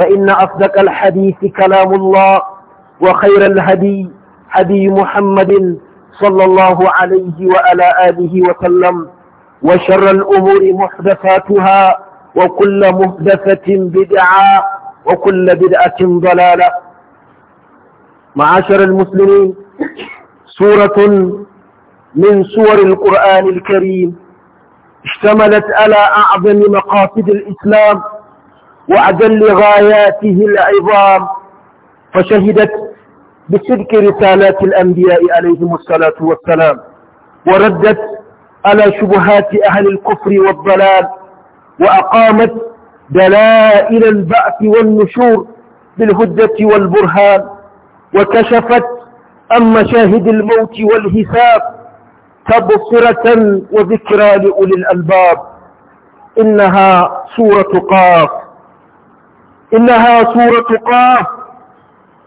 فإن أصدق الحديث كلام الله وخير الهدي هدي محمد صلى الله عليه وعلى آله وسلم وشر الأمور محدثاتها وكل محدثة بدعة وكل بدعة ضلالة معاشر المسلمين سورة من سور القرآن الكريم اشتملت على أعظم مقاصد الإسلام وأجل غاياته العظام فشهدت بصدق رسالات الأنبياء عليهم الصلاة والسلام وردت على شبهات أهل الكفر والضلال وأقامت دلائل البعث والنشور بالهدة والبرهان وكشفت عن مشاهد الموت والحساب تبصرة وذكرى لأولي الألباب إنها سورة قاف إنها سورة قاف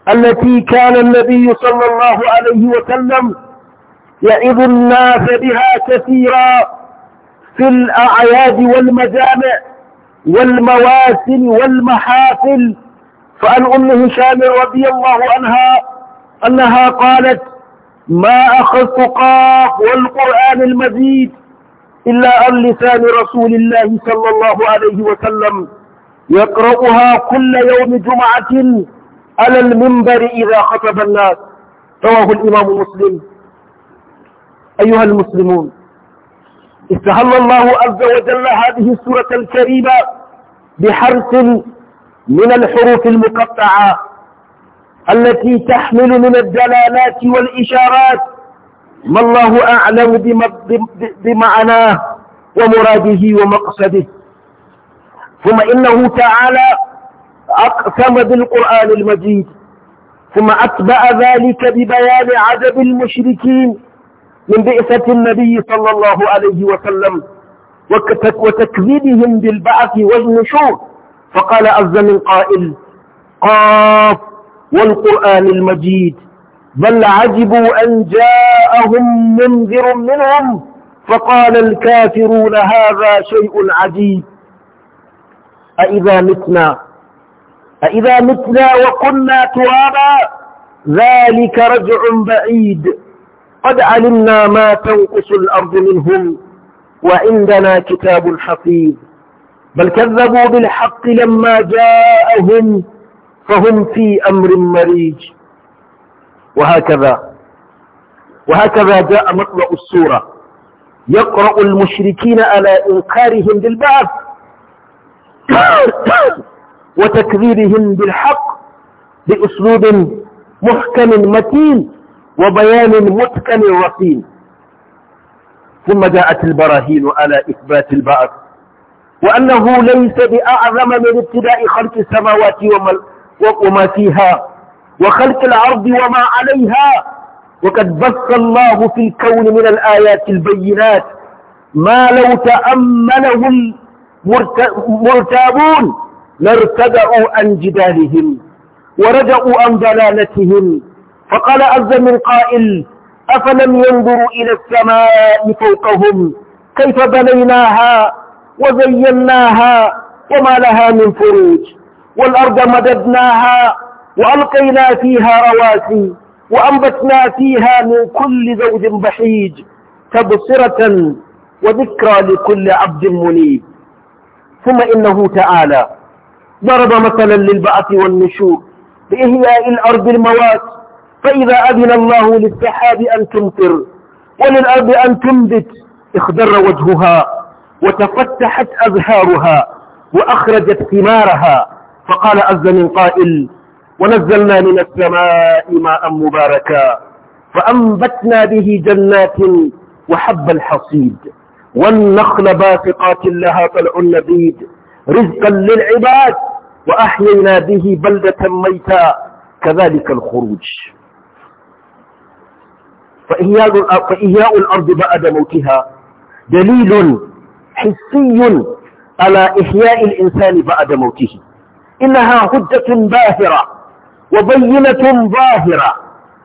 التي كان النبي صلى الله عليه وسلم يعظ الناس بها كثيرا في الأعياد والمجامع والمواسم والمحافل فعن أم هشام رضي الله عنها أنها قالت ما أخذت قاف والقرآن المزيد إلا عن لسان رسول الله صلى الله عليه وسلم يقرأها كل يوم جمعة على المنبر إذا خطب الناس رواه الإمام مسلم أيها المسلمون استهل الله عز وجل هذه السورة الكريمة بحرف من الحروف المقطعة التي تحمل من الدلالات والإشارات ما الله أعلم بمعناه ومراده ومقصده ثم إنه تعالى أقسم بالقرآن المجيد ثم أتبع ذلك ببيان عجب المشركين من بئسة النبي صلى الله عليه وسلم وتكذيبهم بالبعث والنشور فقال عز من قائل قاف والقرآن المجيد بل عجبوا أن جاءهم منذر منهم فقال الكافرون هذا شيء عجيب أإذا متنا أإذا متنا وقلنا ترابا ذلك رجع بعيد قد علمنا ما تنقص الأرض منهم وعندنا كتاب حفيظ بل كذبوا بالحق لما جاءهم فهم في أمر مريج وهكذا وهكذا جاء مطلع السورة يقرأ المشركين على إنكارهم للبعث وتكذيبهم بالحق بأسلوب محكم متين وبيان متقن رقيم ثم جاءت البراهين على إثبات البعث وأنه ليس بأعظم من ابتداء خلق السماوات وما فيها وخلق الأرض وما عليها وقد بث الله في الكون من الآيات البينات ما لو تأمله مرتابون لارتدعوا عن جدالهم ورجعوا عن ضلالتهم فقال عز من قائل أفلم ينظروا إلى السماء فوقهم كيف بنيناها وزيناها وما لها من فروج والأرض مددناها وألقينا فيها رواسي وأنبتنا فيها من كل زوج بحيج تبصرة وذكرى لكل عبد منيب ثم إنه تعالى ضرب مثلا للبعث والنشور بإهياء الأرض الموات فإذا أذن الله للسحاب أن تمطر وللأرض أن تنبت اخضر وجهها وتفتحت أزهارها وأخرجت ثمارها فقال عز من قائل ونزلنا من السماء ماء مباركا فأنبتنا به جنات وحب الحصيد والنخل باسقات لها طلع نبيد رزقا للعباد وأحيينا به بلدة ميتا كذلك الخروج فإحياء, الأرض بعد موتها دليل حسي على إحياء الإنسان بعد موته إنها هدة باهرة وبينة ظاهرة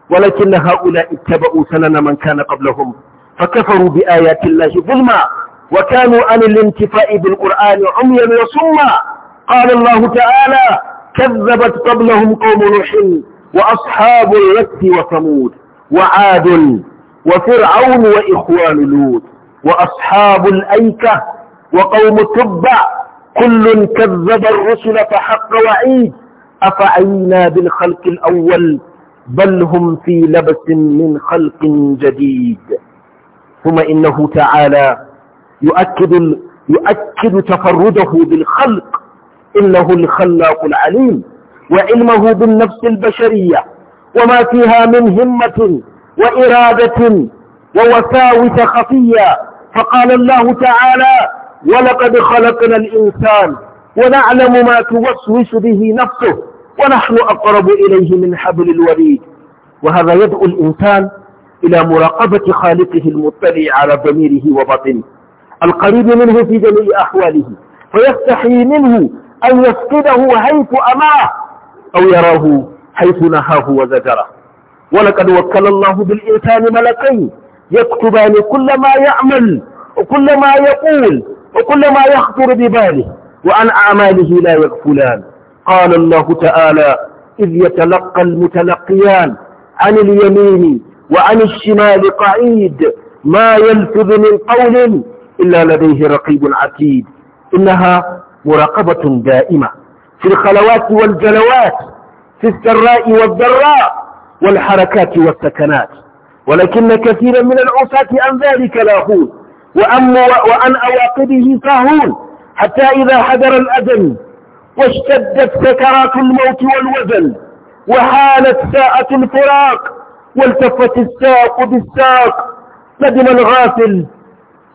ولكن هؤلاء اتبعوا سنن من كان قبلهم فكفروا بآيات الله ظلما وكانوا عن الانتفاء بالقرآن عميا وصما قال الله تعالى كذبت قبلهم قوم نوح وأصحاب الرس وثمود وعاد وفرعون وإخوان لوط وأصحاب الأيكة وقوم تبع كل كذب الرسل فحق وعيد أفعينا بالخلق الأول بل هم في لبس من خلق جديد ثم إنه تعالى يؤكد, يؤكد تفرده بالخلق إنه الخلاق العليم وعلمه بالنفس البشرية وما فيها من همة وإرادة ووساوس خفية فقال الله تعالى ولقد خلقنا الإنسان ونعلم ما توسوس به نفسه ونحن أقرب إليه من حبل الوريد وهذا يدعو الإنسان إلى مراقبة خالقه المطلع على ضميره وبطنه القريب منه في جميع أحواله فيستحي منه أن يفقده حيث أماه أو يراه حيث نهاه وزجره ولقد وكل الله بالإنسان ملكين يكتبان كل ما يعمل وكل ما يقول وكل ما يخطر بباله وعن أعماله لا يغفلان قال الله تعالى إذ يتلقى المتلقيان عن اليمين وعن الشمال قعيد ما يلفظ من قول إلا لديه رقيب عتيد إنها مراقبة دائمة في الخلوات والجلوات في السراء والضراء والحركات والسكنات ولكن كثيرا من العصاة عن ذلك لاهون وأن, وأن أواقبه فاهون حتى إذا حضر الأذن واشتدت سكرات الموت والوزن وحالت ساعة الفراق والتفت الساق بالساق ندم الغافل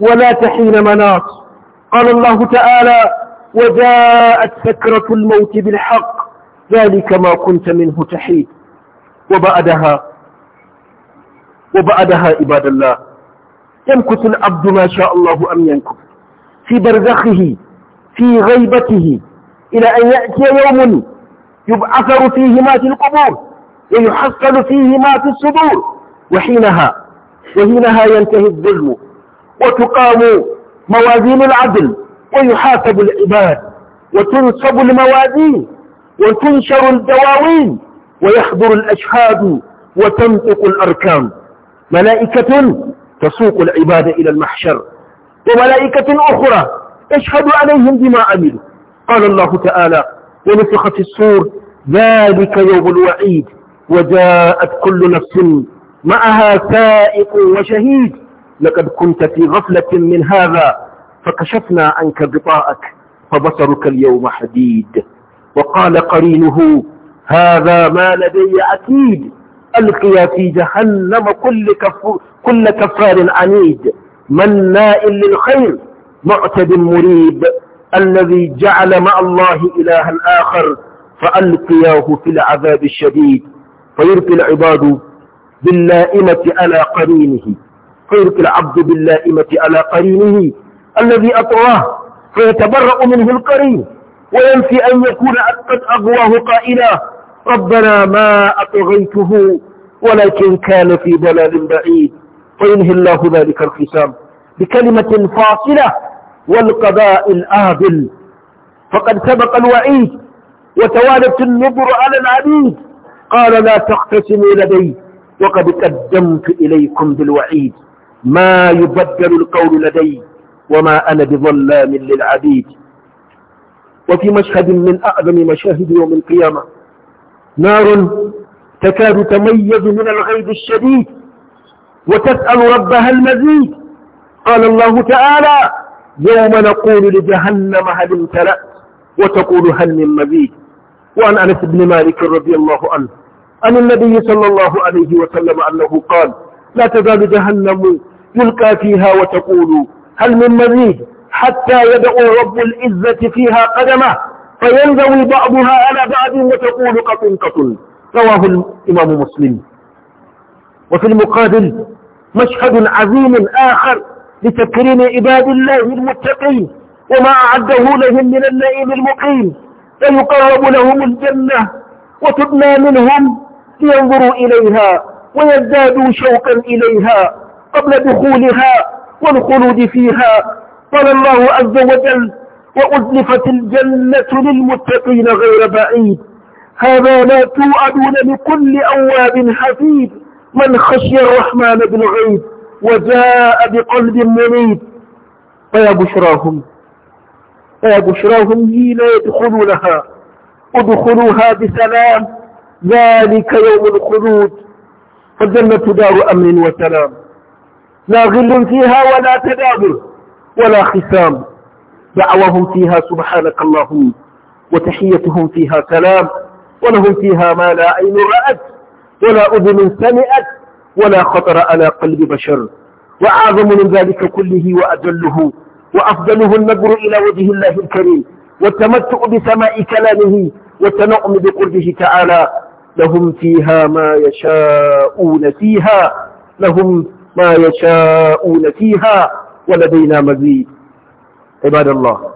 ولا تحين مناص قال الله تعالى وجاءت سكرة الموت بالحق ذلك ما كنت منه تحيد وبعدها وبعدها عباد الله يمكث العبد ما شاء الله أم يمكث في برزخه في غيبته إلى أن يأتي يوم يبعثر فيه ما في القبور ويحصل فيه ما في الصدور وحينها وحينها ينتهي الظلم وتقام موازين العدل ويحاسب العباد وتنصب الموازين وتنشر الدواوين ويحضر الأشهاد وتنطق الأركان ملائكة تسوق العباد إلى المحشر وملائكة أخرى تشهد عليهم بما عملوا قال الله تعالى ونفخ في الصور ذلك يوم الوعيد وجاءت كل نفس معها سائق وشهيد لقد كنت في غفلة من هذا فكشفنا عنك غطاءك فبصرك اليوم حديد وقال قرينه هذا ما لدي أكيد ألقي في جهنم كل, كف كل كفار عنيد مناء للخير معتد مريب الذي جعل مع الله إلها آخر فألقياه في العذاب الشديد فيلقي العباد باللائمة على قرينه فيلقي العبد باللائمة على قرينه الذي أطواه فيتبرأ منه القرين وينفي أن يكون قد أغواه قائلا ربنا ما أطغيته ولكن كان في ضلال بعيد فينهي الله ذلك الخسام بكلمة فاصلة والقضاء الآبل فقد سبق الوعيد وتوالت النظر على العبيد قال لا تقتسموا لدي وقد قدمت إليكم بالوعيد ما يبدل القول لدي وما أنا بظلام للعبيد وفي مشهد من أعظم مشاهد يوم القيامة نار تكاد تميز من الغيظ الشديد وتسأل ربها المزيد قال الله تعالى يوم نقول لجهنم هل امتلأت وتقول هل من مزيد وعن أنس بن مالك رضي الله عنه عن النبي صلى الله عليه وسلم أنه قال لا تزال جهنم يلقى فيها وتقول هل من مزيد حتى يدعو رب العزة فيها قدمه فينزوي بعضها على بعض وتقول قط قط رواه الإمام مسلم وفي المقابل مشهد عظيم آخر لتكريم عباد الله المتقين وما أعده لهم من النعيم المقيم فيقرب لهم الجنة وتبنى منهم لينظروا إليها ويزدادوا شوقا إليها قبل دخولها والخلود فيها قال الله عز وجل وأزلفت الجنة للمتقين غير بعيد هذا لا توعدون لكل أواب حفيد من خشي الرحمن بالغيب وجاء بقلب منيب فيا بشراهم وبشراهم لا يدخلونها ادخلوها بسلام ذلك يوم الخلود فالجنة دار أمن وسلام لا غل فيها ولا تدابر ولا خسام دعوهم فيها سبحانك اللهم وتحيتهم فيها سلام ولهم فيها ما لا عين رأت ولا أذن سمعت ولا خطر على قلب بشر وأعظم من ذلك كله وأجله وأفضله النظر إلى وجه الله الكريم والتمتع بسماء كلامه والتنعم بقربه تعالى لهم فيها ما يشاءون فيها لهم ما يشاءون فيها ولدينا مزيد عباد الله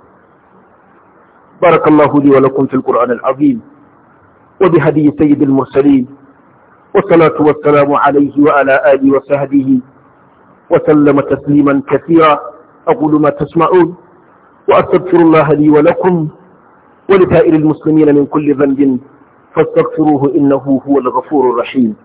بارك الله لي ولكم في القرآن العظيم وبهدي سيد المرسلين والصلاة والسلام عليه وعلى آله وصحبه وسلم تسليما كثيرا أقول ما تسمعون وأستغفر الله لي ولكم ولسائر المسلمين من كل ذنب فاستغفروه إنه هو الغفور الرحيم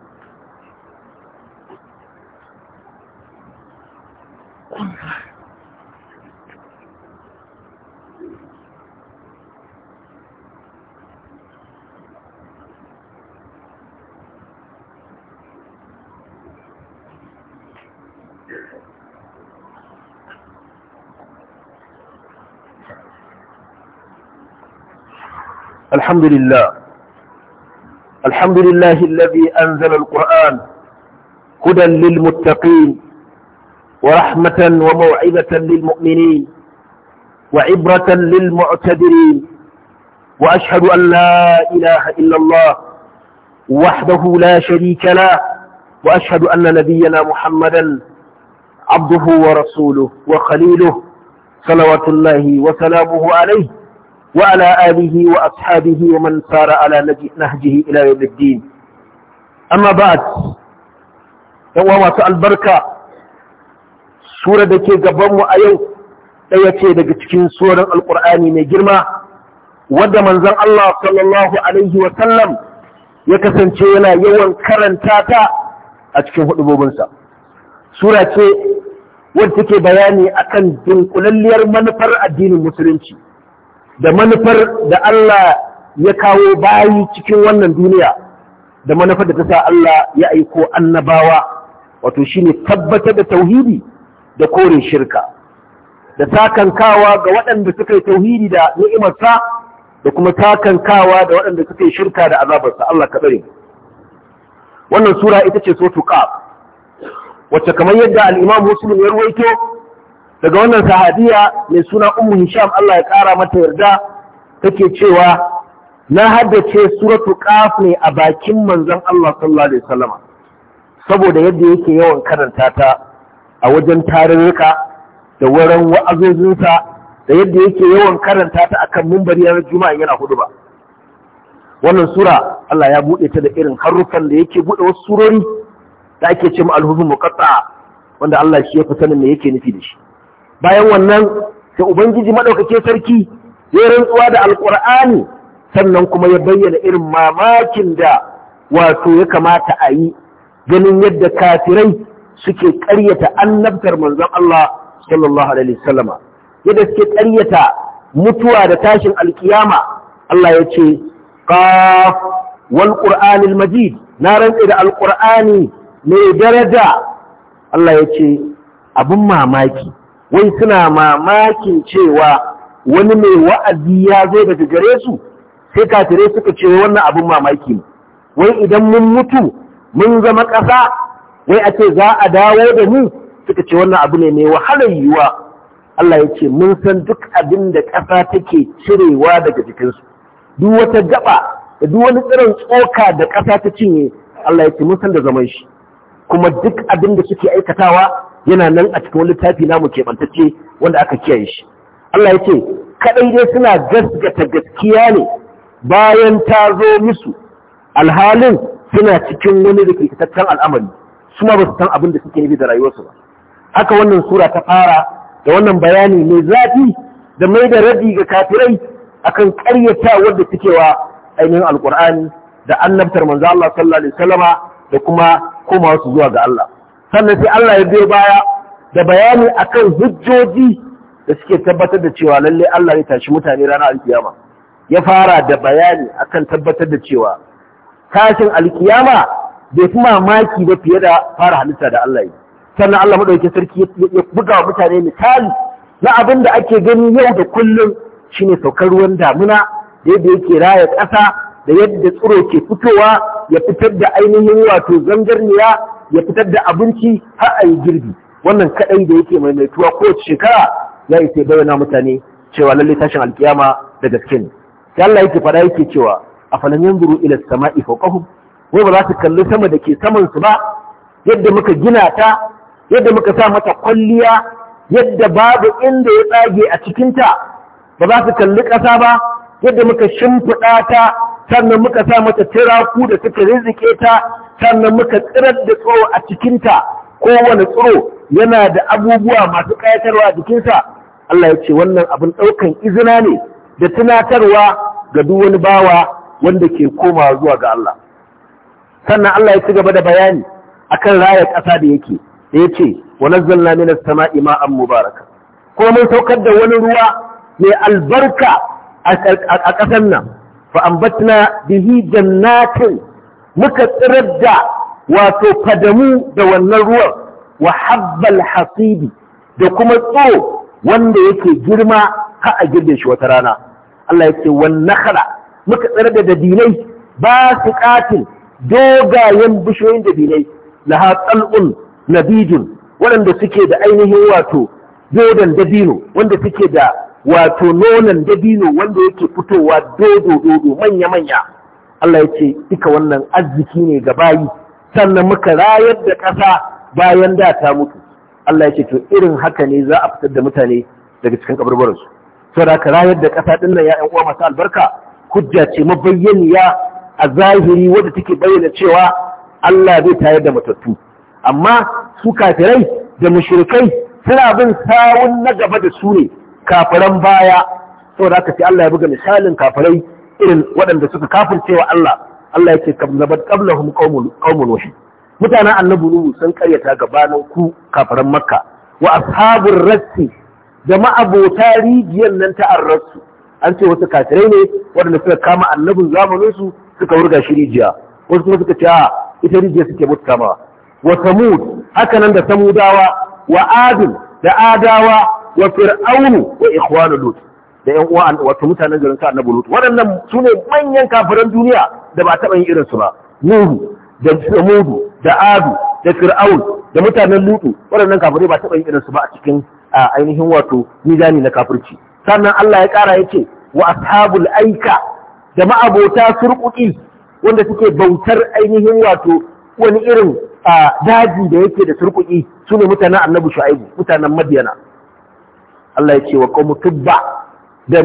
الحمد لله الحمد لله الذي أنزل القرآن هدى للمتقين ورحمة وموعظة للمؤمنين وعبرة للمعتدرين وأشهد أن لا إله إلا الله وحده لا شريك له وأشهد أن نبينا محمدا عبده ورسوله وخليله صلوات الله وسلامه عليه وعلى آله وأصحابه ومن سار على نهجه إلى يوم الدين أما بعد يوم البركة سورة دكي قبام وآيو ايتي دكتكين سورة القرآن مجرمة ود من زن الله صلى الله عليه وسلم يكسن تيلا يوم كرن تاتا أتكين فقد بوبنسا سورة تي وانتكي بياني أكن دنقل اللي يرمان فرع الدين المسلمين da manufar da Allah ya kawo bayi cikin wannan duniya da manufar da ta sa Allah ya aiko annabawa wato shi ne tabbatar da tauhidi da kore shirka da takankawa ga waɗanda suka yi tauhidi da ni'imarsa da kuma takankawa da waɗanda suka yi shirka da azabarsa Allah ka tsare wannan sura ita ce so tuqa wacce kamar yadda al-Imam Muslim ya ruwaito daga wannan sahadiya mai suna ummu hisham Allah ya kara mata yarda take cewa na haddace suratu qaf ne a bakin manzon Allah sallallahu alaihi wasallam saboda yadda yake yawan karanta ta a wajen tarurruka da wurin wa'azozinsa da yadda yake yawan karanta ta akan mumbari na juma'a yana hudu ba. wannan sura Allah ya bude ta da irin haruffan da yake bude wasu surori da ake cewa al-huruf muqatta wanda Allah shi ya fi sanin me yake nufi da shi bayan wannan da ubangiji maɗaukake sarki ya rantsuwa da alƙur'ani sannan kuma ya bayyana irin mamakin da wato ya kamata a yi ganin yadda kafirai suke ƙaryata annabtar manzon Allah sallallahu alaihi wasallama yadda suke ƙaryata mutuwa da tashin alƙiyama, Allah ya ce qaf wal qur'anil majid na rantsi da alqur'ani mai daraja Allah ya ce abin mamaki wai suna mamakin cewa wani mai wa'azi ya zo daga gare su sai katire suka ce wannan abin mamaki ne wai idan mun mutu mun zama ƙasa wai a ce za a dawo da mu suka ce wannan abu ne mai wahalar yiwuwa Allah ya ce mun san duk abin da ƙasa take cirewa daga jikinsu duk wata gaba da duk wani tsiron tsoka da ƙasa ta cinye Allah ya ce mun san da zaman shi kuma duk abin da suke aikatawa yana nan a cikin wani littafi namu keɓantacce wanda aka kiyaye shi Allah ya ce kaɗai dai suna gasgata gaskiya ne bayan ta zo musu alhalin suna cikin wani rikitaccen al'amari su ma ba su san abin da suke nufi da rayuwarsu ba haka wannan sura ta fara da wannan bayani mai zafi da mai da rabi ga kafirai akan ƙaryata wadda suke wa ainihin alƙur'ani da annabtar manzo Allah sallallahu alaihi wasallama da kuma komawa su zuwa ga Allah sannan sai Allah ya biyo baya da bayani akan hujjoji da suke tabbatar da cewa lalle Allah ya tashi mutane rana alkiyama ya fara da bayani akan tabbatar da cewa tashin alkiyama bai fi mamaki ba fiye da fara halitta da Allah ya sannan Allah madaukakin sarki ya buga wa mutane misali na abin da ake gani yau da kullum shine saukar ruwan damuna da yadda yake raya ƙasa da yadda tsiro ke fitowa ya fitar da ainihin wato zangarniya ya fitar da abinci har a yi girbi wannan kaɗai da yake maimaituwa kowace shekara ya yi sai bayyana mutane cewa lallai tashin alkiyama da gaske ne sai Allah yake faɗa yake cewa a afalam yanzuru ila sama'i fawqahum wai ba za su kalli sama da ke saman su ba yadda muka gina ta yadda muka sa mata kwalliya yadda babu inda ya tsage a cikinta ba za su kalli ƙasa ba yadda muka shimfiɗa ta sannan muka sa mata tiraku da suka rizike ta sannan muka tsirar da tsoro a cikinta kowane tsoro yana da abubuwa masu kayatarwa a jikinsa Allah ya ce wannan abin ɗaukan izina ne da tunatarwa ga duk wani bawa wanda ke komawa zuwa ga Allah sannan Allah ya ci gaba da bayani akan raya ƙasa da yake da ya ce wa nazzalna minas sama'i ma'an mubaraka Ko mun saukar da wani ruwa mai albarka a ƙasar nan fa ambatna bihi jannatin muka tsirar da wato fadamu da wannan ruwan wa hasibi da kuma tso wanda yake girma ha'a a girbe shi wata rana Allah yake wan nakhla muka tsirar da dabilai basu su katin dogayen bishiyoyin dabilai laha tal'un nabijun waɗanda suke da ainihin wato jodan dabino wanda suke da wato nonon dabino wanda yake fitowa dodo dodo manya manya Allah ya ce duka wannan arziki ne ga bayi sannan muka rayar da ƙasa bayan da ta mutu Allah ya ce to irin haka ne za a fitar da mutane daga cikin ƙabarbaransu. saboda ka rayar da ƙasa ɗin nan ya ɗan uwa masu albarka hujja ce mabayyaniya a zahiri wadda take bayyana cewa Allah zai tayar da matattu amma su kafirai da mushrikai suna bin sawun na gaba da su ne kafiran baya da aka sai Allah ya buga misalin kafirai irin waɗanda suka kafircewa Allah Allah yake kabnabat qablahum qaumul qaumul wahid mutanen annabi nuhu sun karyata gabanin ku kafiran makka wa ashabun rassi da ma'abota rijiyar nan ta arrasu an ce wasu kafirai ne waɗanda suka kama annabin zamanin su suka wurga shi rijiya wasu kuma suka ce a ita rijiya suke mutu kama wa samud haka nan da samudawa wa adin da adawa wa fir'aunu wa ikhwanu lut da yan uwa wato mutanen garin ka annabi lut waɗannan sune manyan kafiran duniya da ba taɓa yin irin su ba nuhu da samudu da adu da fir'aun da mutanen lutu waɗannan kafirai ba taɓa yin irin su ba a cikin ainihin wato mizani na kafirci sannan Allah ya ƙara ya ce wa ashabul aika da ma'abota surƙuƙi wanda suke bautar ainihin wato wani irin daji da yake da surkuki su ne mutanen annabi shu'aibu mutanen madiyana Allah ya ce wa qaumu tubba da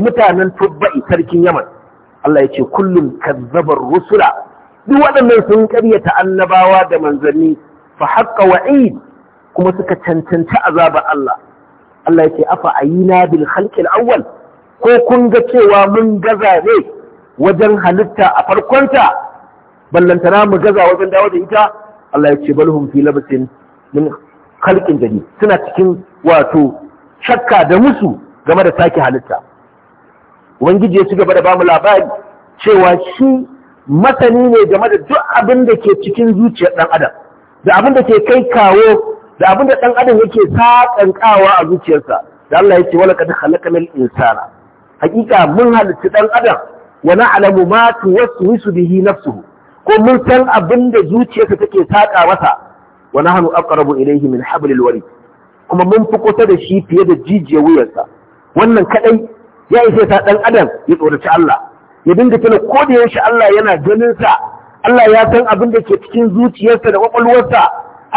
mutanen tubba'i sarkin Yaman Allah ya ce kullum kazzabar rusula duk waɗannan sun karyata annabawa da manzanni fa haqqa wa'id kuma suka cancanci azabar Allah Allah ya ce afa ayina bil khalqil awwal ko kun ga cewa mun gaza ne wajen halitta a farkonta ballantana mu gaza wajen dawo da ita Allah ya ce balhum fi labasin min khalqin jadid suna cikin wato shakka da musu game da sake halitta ubangiji ya ci gaba da bamu labari cewa shi masani ne game da duk abin da ke cikin zuciyar ɗan adam da abin da ke kai kawo da abin da ɗan adam yake saƙanƙawa a zuciyarsa da Allah ya ce wala kad khalaqnal insana hakika mun halitta ɗan adam wa na'lamu ma tuwaswisu bihi nafsuhu ko mun san abin da zuciyarsa take saƙa masa wa nahnu aqrabu ilayhi min hablil warid kuma mun fi kusa da shi fiye da jijiyar wuyarsa wannan kadai ya isa sa dan adam ya tsoraci Allah ya dinga tana ko da yaushe Allah yana ganin sa Allah ya san abin da ke cikin zuciyarsa da kwakwalwarsa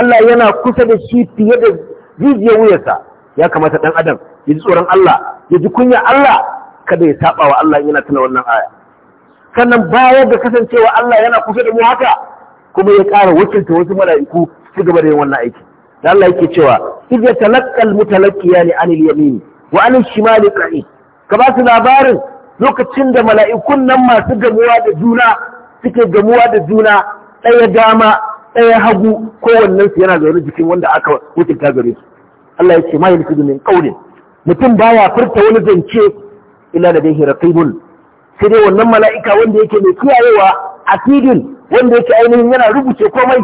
Allah yana kusa da shi fiye da jijiyar wuyarsa ya kamata dan adam ya ji tsoron Allah ya ji kunya Allah kada ya saba wa Allah yana tana wannan aya sannan bayan da kasancewa Allah yana kusa da mu haka kuma ya ƙara wakilta wasu mala'iku su gaba da yin wannan aiki Allah yake cewa idh yatalaqqal mutalaqiyani anil yamin wa anil shimali qa'id ka ba su labarin lokacin da mala'ikun nan masu gamuwa da juna suke gamuwa da juna ɗaya dama ɗaya hagu kowannen su yana zaune jikin wanda aka wuce ta gare su Allah ya ce ma min qaulin mutum baya furta wani zance illa da dai raqibun sai dai wannan mala'ika wanda yake mai kiyayewa a asidin wanda yake ainihin yana rubuce komai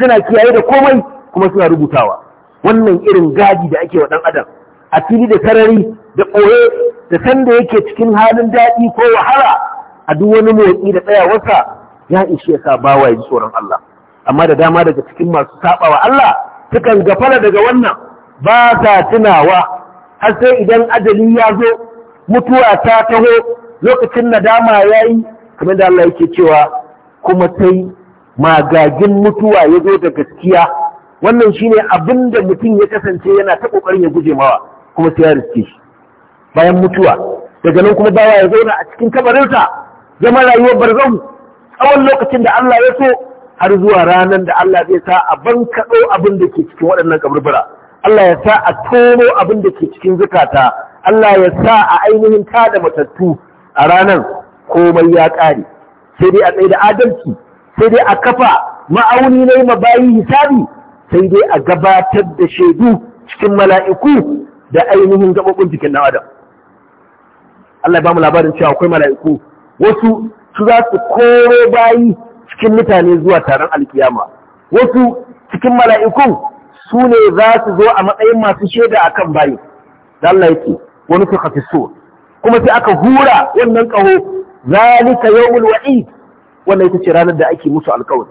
suna kiyaye da komai kuma suna rubutawa wannan irin gadi da ake wa ɗan adam a fili da sarari da ɓoye da sanda yake cikin halin daɗi ko wahala a duk wani motsi da tsayawarsa ya ishe sa ba wa yi tsoron Allah amma da dama daga cikin masu saɓawa Allah sukan gafara daga wannan ba sa tunawa har sai idan ajali ya zo mutuwa ta taho lokacin nadama ya yi kamar da Allah yake cewa kuma sai magagin mutuwa ya zo da gaskiya wannan shine abin da mutum ya kasance yana ta ƙoƙarin ya guje mawa kuma sai ya riske shi bayan mutuwa daga nan kuma bawa ya zauna a cikin kabarinsa zama rayuwar barzahu tsawon lokacin da Allah ya so har zuwa ranar da Allah zai sa a bankaɗo abin da ke cikin waɗannan kaburbura Allah ya sa a tono abin da ke cikin zukata Allah ya sa a ainihin ta da matattu a ranar komai ya ƙare sai dai a tsaye da adalci sai dai a kafa ma'auni na yi mabayi hisabi sai dai a gabatar da shaidu cikin mala'iku da ainihin gaɓaɓɓun jikin ɗan adam Allah ba mu labarin cewa akwai mala'iku wasu su za su koro bayi cikin mutane zuwa taron alkiyama wasu cikin mala'ikun su ne za su zo a matsayin masu shaida a kan bayi da Allah wani su hafi so kuma sai aka hura wannan ƙaho zalika yawmul wa'id wannan ita ce ranar da ake musu alƙawari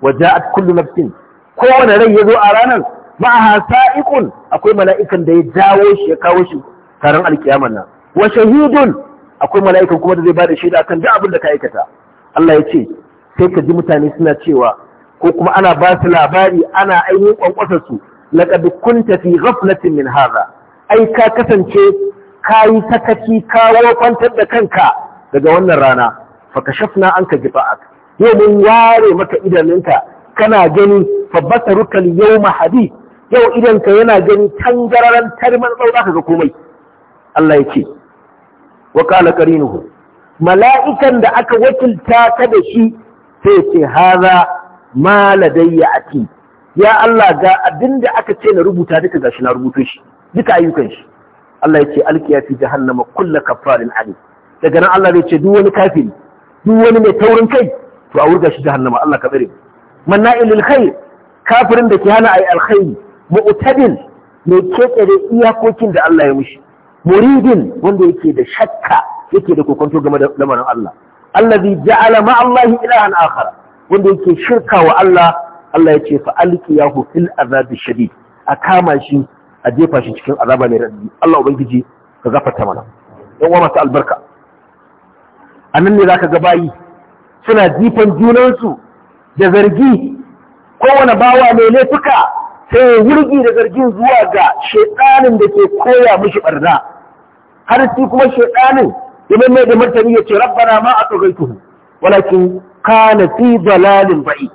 Wajen at kullu nafsin kowane rai ya zo a ranar ma'aha sa'ikun akwai mala'ikan da ya jawo shi ya kawo shi taron alkiyamar nan wa shahidun akwai mala'ikan kuma da zai bada shaida akan duk abin da ka aikata Allah ya ce sai ka ji mutane suna cewa ko kuma ana ba su labari ana ainihin kwankwasar su laqad kunta fi ghaflatin min hadha ai ka kasance kayi sakaci kawo kwantar da kanka daga wannan rana fa kashafna anka jifa'ak yau mun ware maka idanunka kana gani fabasaruka yau mahadi, yau idan ka yana gani tangararan tarman tsau zaka ga komai Allah ya ce wa qala qarinuhu mala'ikan da aka wakilta ka da shi sai ce haza ma ladayya ati ya Allah ga abin da aka ce na rubuta duka gashi na rubuto shi duka ayyukan shi Allah ya ce alkiya fi jahannama kullu kafarin ali daga nan Allah zai ce duk wani kafin, duk wani mai taurin kai to a wurga shi jahannama Allah ka tsare manna'il lil khair kafirin da ke hana ayi alkhairi mu'tadil mai kekere iyakokin da Allah ya mushi muridin wanda yake da shakka yake da kokonto game da lamarin Allah allazi ja'ala ma Allah ilahan akhar wanda yake shirka wa Allah Allah ya ce fa alqiyahu fil azabi shadid a kama shi a jefa shi cikin azaba mai raddi Allah ubangiji ka gafarta mana yan uwa masu albarka anan ne zaka ga bayi suna jifan junansu da zargi kowane bawa mai laifuka sai ya wurgi da zargin zuwa ga shekanin da ke koya mashi barna har shi kuma shekanin ya mai da martani ya ce rabbana ma a tuhu walakin kana fi dalalin ba'i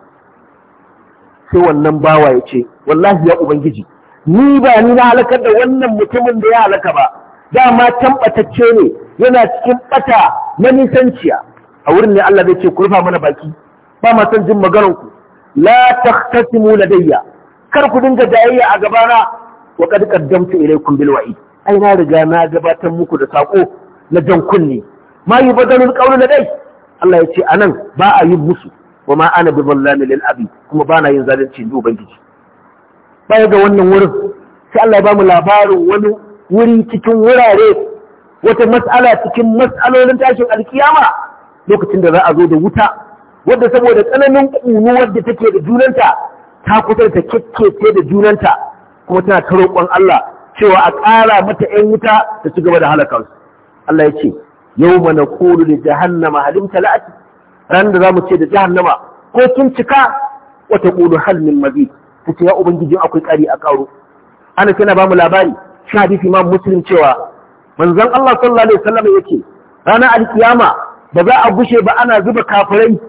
sai wannan bawa ya ce wallahi ya ubangiji ni ba ni na halakar da wannan mutumin da ya halaka ba dama can batacce ne yana cikin bata na nisanciya a wurin ne Allah zai ce ku rufa mana baki ba ma jin maganarku. la taqtasimu ladayya kar ku dinga jayayya a gabana wa qad qaddamtu ilaykum bil wa'id ai na riga na gabatar muku da sako na jan kunni ma yubadalul qawlu ladayya Allah ya ce anan ba a yi musu wa ma ana bizallamin lil abi kuma ba na yin zalunci da ubangiji baya ga wannan wurin sai Allah ya bamu labarin wani wuri cikin wurare wata mas'ala cikin mas'alolin tashin alkiyama lokacin da za a zo da wuta wadda saboda tsananin ƙunuwar da take da junanta ta kusa ta kekkece da junanta kuma tana ta roƙon Allah cewa a ƙara mata ‘yan wuta ta ci gaba da halaka Allah ya ce yau mana kulu da jahannama halin talati ran da za mu ce da jahannama ko kin cika wata kulu hal mazi ta ce ya ubangiji akwai ƙari a ƙaro ana kina ba mu labari shi hadisi ma muslim cewa manzon Allah sallallahu alaihi wasallam ranar alkiyama ba za a gushe ba ana zuba kafirai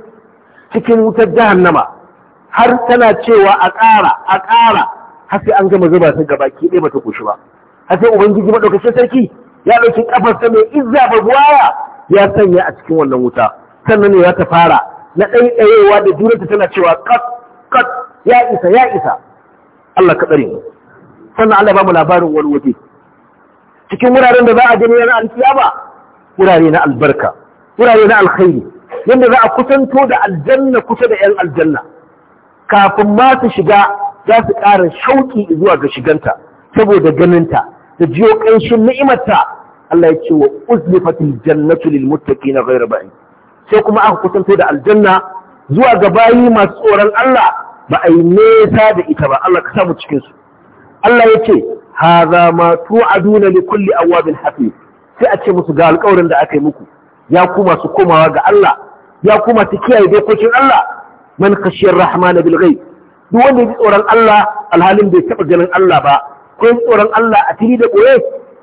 cikin wutar jahannama har tana cewa a ƙara a ƙara har sai an gama zuba su gaba ki ɗaya bata kushi ba har sai ubangiji maɗaukacin sarki ya ɗauki ƙafarsa mai izza buwaya ya sanya a cikin wannan wuta sannan ne za ta fara na ɗaiɗayewa da juranta tana cewa kat kat ya isa ya isa Allah ka tsare sannan Allah ba mu labarin wani waje cikin wuraren da za a gani na alkiyama wurare na albarka wurare na alkhairi yadda za a kusanto da aljanna kusa da 'yan aljanna kafin ma su shiga za su ƙara shauƙi zuwa ga shiganta saboda ganinta da jiyo ƙanshin ni'imarta Allah ya ce wa uzlifatil jannatu lil muttaqina ghayra ba'i sai kuma aka kusanto da aljanna zuwa ga bayi masu tsoron Allah ba a yi nesa da ita ba Allah ka samu cikin su Allah ya ce hadha ma tu'aduna li kulli awabil hafiz sai a ce musu ga alƙawarin da aka yi muku ya ku masu komawa ga Allah ya kuma ta kiyaye dokokin Allah man khashiyar rahmana bil ghaib duk wanda ya ji tsoron Allah alhalin bai taba ganin Allah ba ko tsoron Allah a tiri da koye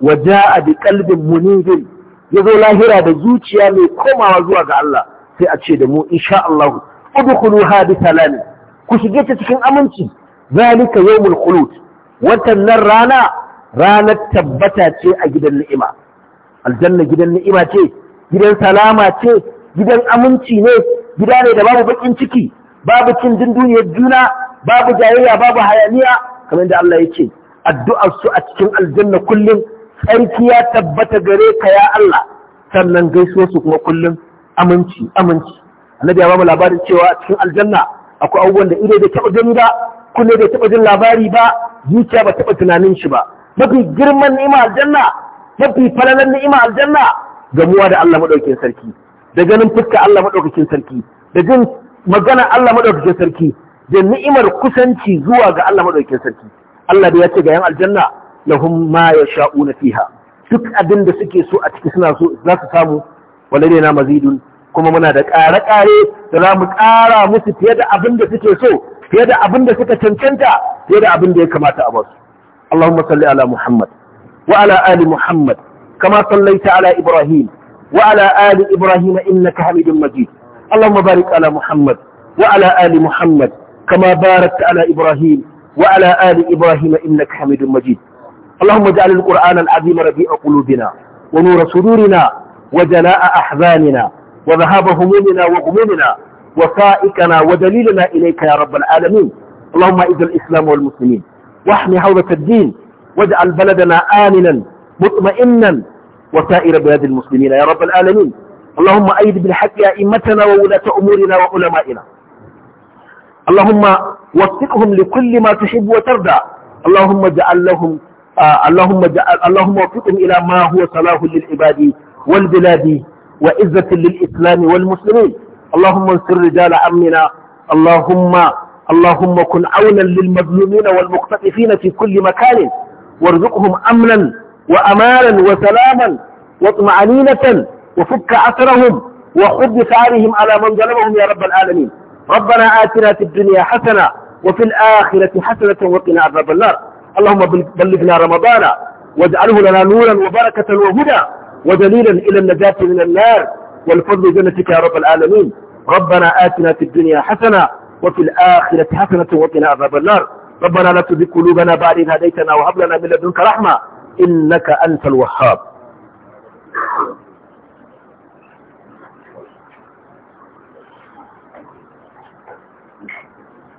waja'a bi qalbin munibin yazo lahira da zuciya mai komawa zuwa ga Allah sai a ce da mu insha Allah udkhuluha bi salam ku shige ta cikin aminci zalika yawmul khulud watan nan rana ranar tabbata ce a gidan ni'ima aljanna gidan ni'ima ce gidan salama ce gidan aminci ne gida ne da babu bakin ciki babu cin dunduniyar juna babu jayayya babu hayaniya kamar da Allah ya ce addu'ar su a cikin aljanna kullum tsarki ya tabbata gare ka ya Allah sannan gaisuwar su kuma kullum aminci aminci annabi ya bamu labarin cewa a cikin aljanna akwai abubuwan da ido bai taɓa gani ba bai taɓa jin labari ba zuciya ba taɓa tunanin shi ba mafi girman ni'ima aljanna mafi falalan ni'ima aljanna gamuwa da Allah madaukakin sarki da ganin fuska Allah maɗaukakin sarki da jin magana Allah maɗaukakin sarki da ni'imar kusanci zuwa ga Allah maɗaukakin sarki Allah da ya ce ga yan aljanna lahum ma yasha'una fiha duk abin da suke so a ciki suna so za su samu walade na mazidun kuma muna da ƙare-ƙare da za mu ƙara musu fiye da abin da suke so fiye da abin da suka cancanta fiye da abin da ya kamata a basu Allahumma salli ala Muhammad wa ala ali Muhammad kama sallaita ala Ibrahim وعلى آل إبراهيم إنك حميد مجيد اللهم بارك على محمد وعلى آل محمد كما باركت على إبراهيم وعلى آل إبراهيم إنك حميد مجيد اللهم اجعل القرآن العظيم ربيع قلوبنا ونور صدورنا وجلاء أحزاننا وذهاب همومنا وغمومنا وفائكنا ودليلنا إليك يا رب العالمين اللهم إذا الإسلام والمسلمين واحمي حوضة الدين واجعل بلدنا آمنا مطمئنا وسائر بلاد المسلمين يا رب العالمين اللهم أيد بالحق أئمتنا وولاة أمورنا وعلمائنا اللهم وفقهم لكل ما تحب وترضى اللهم اجعل لهم آه اللهم جعل اللهم وفقهم إلى ما هو صلاح للعباد والبلاد وعزة للإسلام والمسلمين اللهم انصر رجال أمننا اللهم اللهم كن عونا للمظلومين والمقتطفين في كل مكان وارزقهم أمنا وأمانا وسلاما واطمأنينة وفك أثرهم وخذ بثارهم على من ظلمهم يا رب العالمين ربنا آتنا في الدنيا حسنة وفي الآخرة حسنة وقنا عذاب النار اللهم بلغنا رمضان واجعله لنا نورا وبركة وهدى ودليلا إلى النجاة من النار والفضل جنتك يا رب العالمين ربنا آتنا في الدنيا حسنة وفي الآخرة حسنة وقنا عذاب النار ربنا لا تزغ قلوبنا بعد إذ هديتنا وهب لنا من لدنك رحمة إنك أنت الوهاب